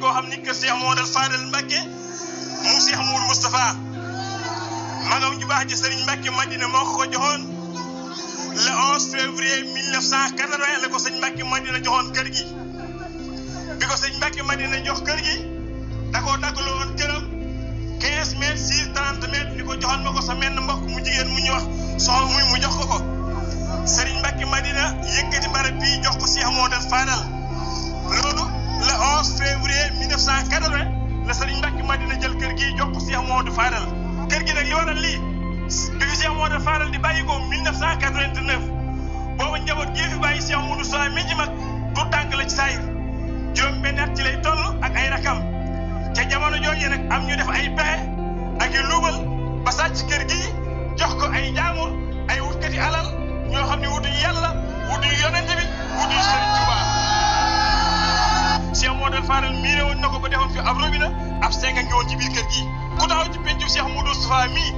goo xam ni kër Cheikh Mouhamadou Fadel Mbacke moom Cheikh Mouhamadou Moustapha magam ju ji Serigne Mbacke Madina moo ko joxoon la ko sëñ Mbacke Madina joxoon kër gi bi ko sëñ Mbacke Madina jox kër gi da koo daggaloo woon këram 15 mètres 6 30 ni ko joxoon ma ko sa menn mbokk mu jigéen mu ñu wax soxla muy mu jox ko ko Serigne Mbacke Madina yëkkati barab bii jox ko Cheikh Mouhamadou Fadel. février 1980 la Serigne Mbacke Madina jël kër gi jox ko Cheikh Mouhamadou Fadal kër gi nag li lii bi fi Cheikh Mouhamadou Fadal di bàyyi ko boobu njaboot gii fi bàyyi Cheikh Mouhamadou Sow mi ji mag du tànk la ci saayir juróom benn at ci ak ay rakam ca jamono jooju nag am ñu def ay pexe ak i luubal ba sàcc kër gi jox ko ay jaamur. que ab robinet ab seng a ngi woon ci biir kër gi ku taxaw ci pencu Cheikh Moudou Moustapha mii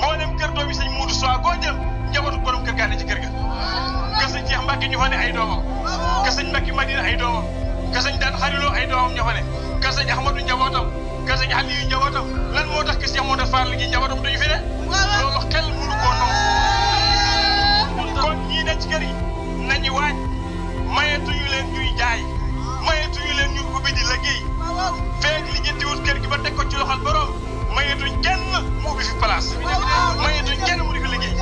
moo dem kër doomi sëñ Moudou Moustapha koo jël njabootu borom kër gaa ne ci kër ga ka sëñ Cheikh Mbacke ñu fa ne ay doomam ka sëñ Mbacke Madina ay doomam ka sëñ daan xariloo ay doomam ñoo fa ne ka sëñ Ahmadou njabootam ka sëñ Aliou njabootam lan moo tax que Cheikh Moudou Fall gi njabootam duñu fi ne loolu xel mënu koo nangu kon ñii ne ci kër yi nañu waaj mayetuñu leen ñuy jaay kër gi ba teg ko ci loxol borom mayetuñ kenn mu ubbi fi place mayetuñ kenn mu di ko liggéey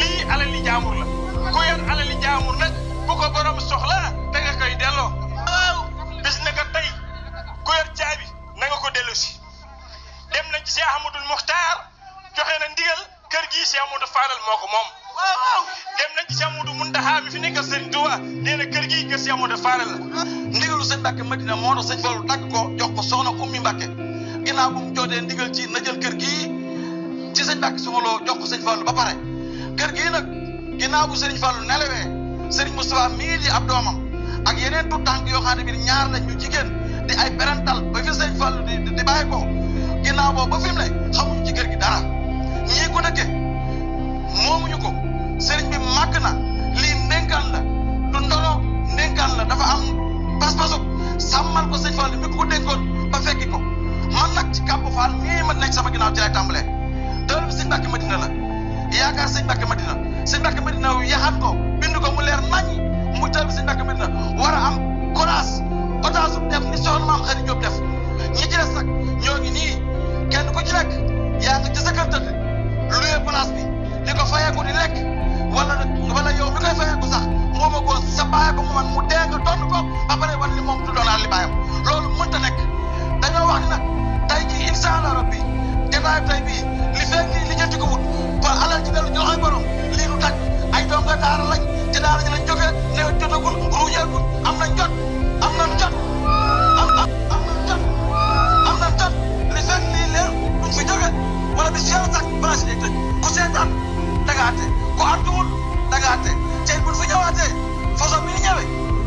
lii alali jaamur la ku yor alali jaamur nag bu ko borom soxlaa te nga koy delloo. bis na ko tey ku yor caabi na nga ko delloosi dem nañ ci Cheikh Ahmadul Mokhtar joxe na ndigal kër gii Cheikh Amadou Fadal moo ko moom. waaw waaw dem nañ ci Cheikh Amadou Muntaxa mi fi nekkal Serigne Touba nee na kër gi kër Cheikh Amadou Faare la ndigalu sëñ Mbàkke Madina moo tax sëñ Fallu dagg ko jox ko soxna Ummi Mbàkke ginnaaw bu mu jootee ndigal ci na jël kër gii ci sëñ Mbàkke suma jox ko sëñ Fallu ba pare kër gii nag ginnaaw bu Serigne Fallu nelawee Serigne Moustapha mii di ab doomam ak yeneen tu tànk yoo xam ne ñaar lañ ñu di ay berantal ba fi sëñ Fallu di di bàyyi ko ginnaaw boobu ba fi gi dara fasu sàmmal ko sëñ Fall mi ko dénkoon ba fekki ko man nag ci Kàbbu Fall nii ma nekk sama ginnaaw ci lay tàmbalee tawlu bi sëñ Mbàkke Madina la yaakaar sëñ Mbàkke Madina sëñ Mbàkke Madina yaxat ko bind ko mu leer nañ mu tawlu bi sëñ a am def ni soxna maam def ñi ci des nag ñoo kenn ku ci yaa ngi ci sa kër tëdd luye place bi di ko fayeeku di lekk wala yeewul am na jot am li fekk lii leer duñ fi jóge bi seew tak bâche yi tëj ku seetaan dagaate ku àdduwul dagaate tey buñ fi ñëwaatee façon bi ñu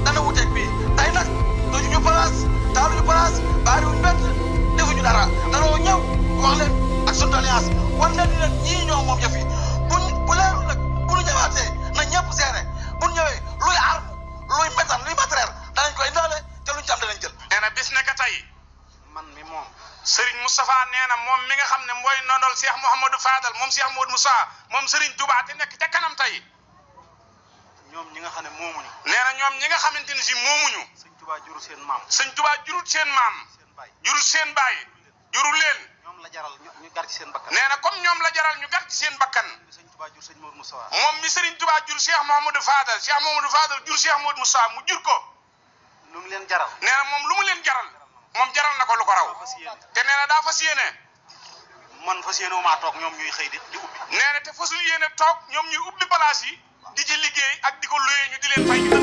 dana wuteeg bii tey nag duñu ñu place taaluñu place baariwuñ bett defuñu dara danoo ñëw wax leen ak suñu alliance wan leen ni leen ñii ñoo moom yëf yi buñ bu leerul nag bu ñu ñëwaatee na ñëpp seere ne mooy nondol Cheikh Mouhamadou Fadal moom Cheikh mu Moussa moom Serigne Touba te nekk ca kanam tey. ñoom ñi nga xam ne moomuñu. nee na ñoom ñi nga xamante ni si moomuñu. Sëñ Touba jurul seen maam. Sëñ Touba jurul seen maam. jurul seen baay jurul leen. ñoom la jaral ñu gar ci seen bakkan. nee na comme ñoom la jaral ñu gar ci seen bakkan. moom mi sëriñ Touba jur Cheikh Mouhamadou Fadal Cheikh Mouhamadou Fadal jur Cheikh Mouhamadou Moussa mu jur ko. lu leen jaral. na moom lu mu leen jaral. moom jaral na ko lu ko raw. te nee daa fas yéene. man fas yéene maa toog ñoom ñuy xëy di di ubbi. fasul yéene toog ñoom ñuy ubbi palaas yi. di ci liggéey ak di ko luyee ñu di leen fay.